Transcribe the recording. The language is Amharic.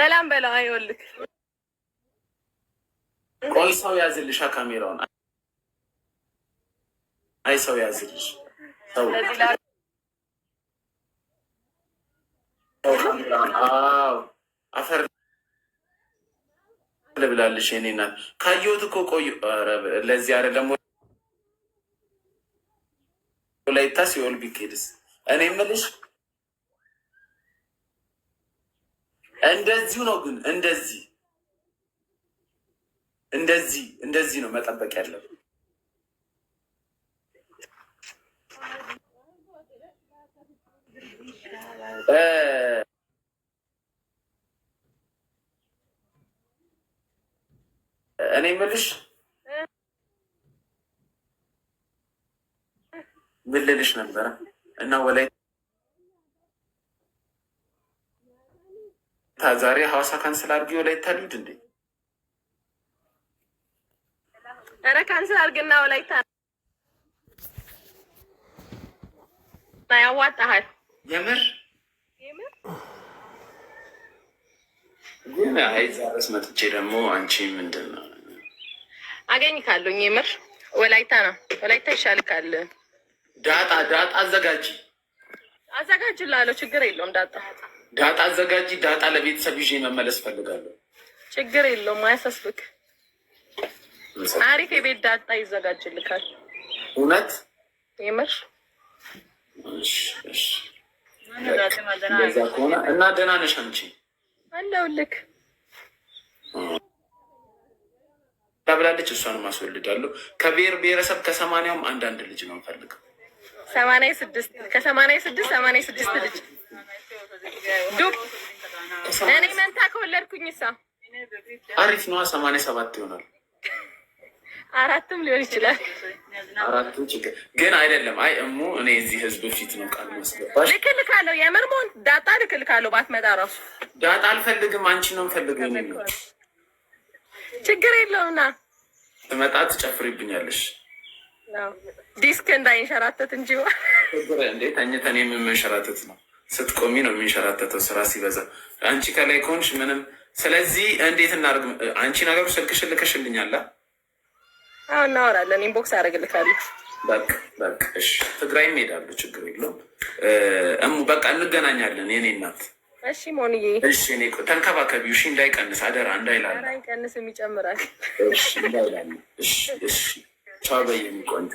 ሰላም በለው። አይወልክ ቆይ ሰው ያዝልሽ ካሜራውን። አይ ሰው ያዝልሽ ሰው አፈር ልብላልሽ የኔ እናት ካየሁት እኮ ቆዩ። ለዚህ አረ ደግሞ ላይ ታስ የወልቢኬድስ እኔ የምልሽ እንደዚሁ ነው ግን እንደዚህ እንደዚህ እንደዚህ ነው መጠበቅ ያለብን። እኔ የምልሽ ምን ነበረ እና ወላይ ዛሬ ሐዋሳ ካንስል አድርጊ ላይ ልሂድ እንዴ? ኧረ ካንስል አድርግና ወላይታ ያዋጣሃል። የምር ግን አይ ዛሬስ መጥቼ ደግሞ አንቺ ምንድን ነው አገኝካለሁ። የምር ወላይታ ነው ወላይታ ይሻልካል። ዳጣ ዳጣ አዘጋጅ አዘጋጅላለሁ። ችግር የለውም ዳጣ ዳጣ አዘጋጂ። ዳጣ ለቤተሰብ ይዤ መመለስ ፈልጋለሁ። ችግር የለውም አያሳስብክ። አሪፍ የቤት ዳጣ ይዘጋጅልካል። እውነት ይመር ከሆነ እና ደህና ነሽ አንቺ? አለሁልክ። ብላለች። እሷን አስወልዳለሁ ከብሔር ብሔረሰብ ከሰማንያውም አንዳንድ ልጅ ነው የምፈልገው ሰማንያ ስድስት ከሰማንያ ስድስት ሰማንያ ስድስት ልጅ እኔ መንታ ከወለድኩኝ ሳ አሪፍ ነዋ። ሰማንያ ሰባት ይሆናል። አራትም ሊሆን ይችላል። አራቱም ችግር ግን አይደለም። አይ እሙ እኔ እዚህ ህዝብ ፊት ነው ቃል ልክልካለሁ፣ የምርሞን ዳጣ ልክልካለሁ። ባትመጣ ራሱ ዳጣ አልፈልግም፣ አንቺ ነው ችግር የለውና ትመጣ ትጨፍሪብኛለሽ። ዲስክ እንዳይንሸራተት እንጂ እንዴ ተኝተን የምንሸራተት ነው ስትቆሚ ነው የሚንሸራተተው ስራ ሲበዛ አንቺ ከላይ ከሆንሽ ምንም ስለዚህ እንዴት እናርግ አንቺ ነገሩ ስልክሽ ልክሽልኛል አዎ እናወራለን ኢንቦክስ ያደርግልካሉ በቃ በቃ እሺ ትግራይም ሄዳለሁ ችግር የለውም እሙ በቃ እንገናኛለን የኔ እናት እሺ ሞንዬ እሺ እኔ ተንከባከቢው እሺ እንዳይቀንስ አደራ እንዳይላል እንዳይቀንስ የሚጨምራል እሺ እንዳይላል እሺ እሺ ቻው በይ የሚቆንጆ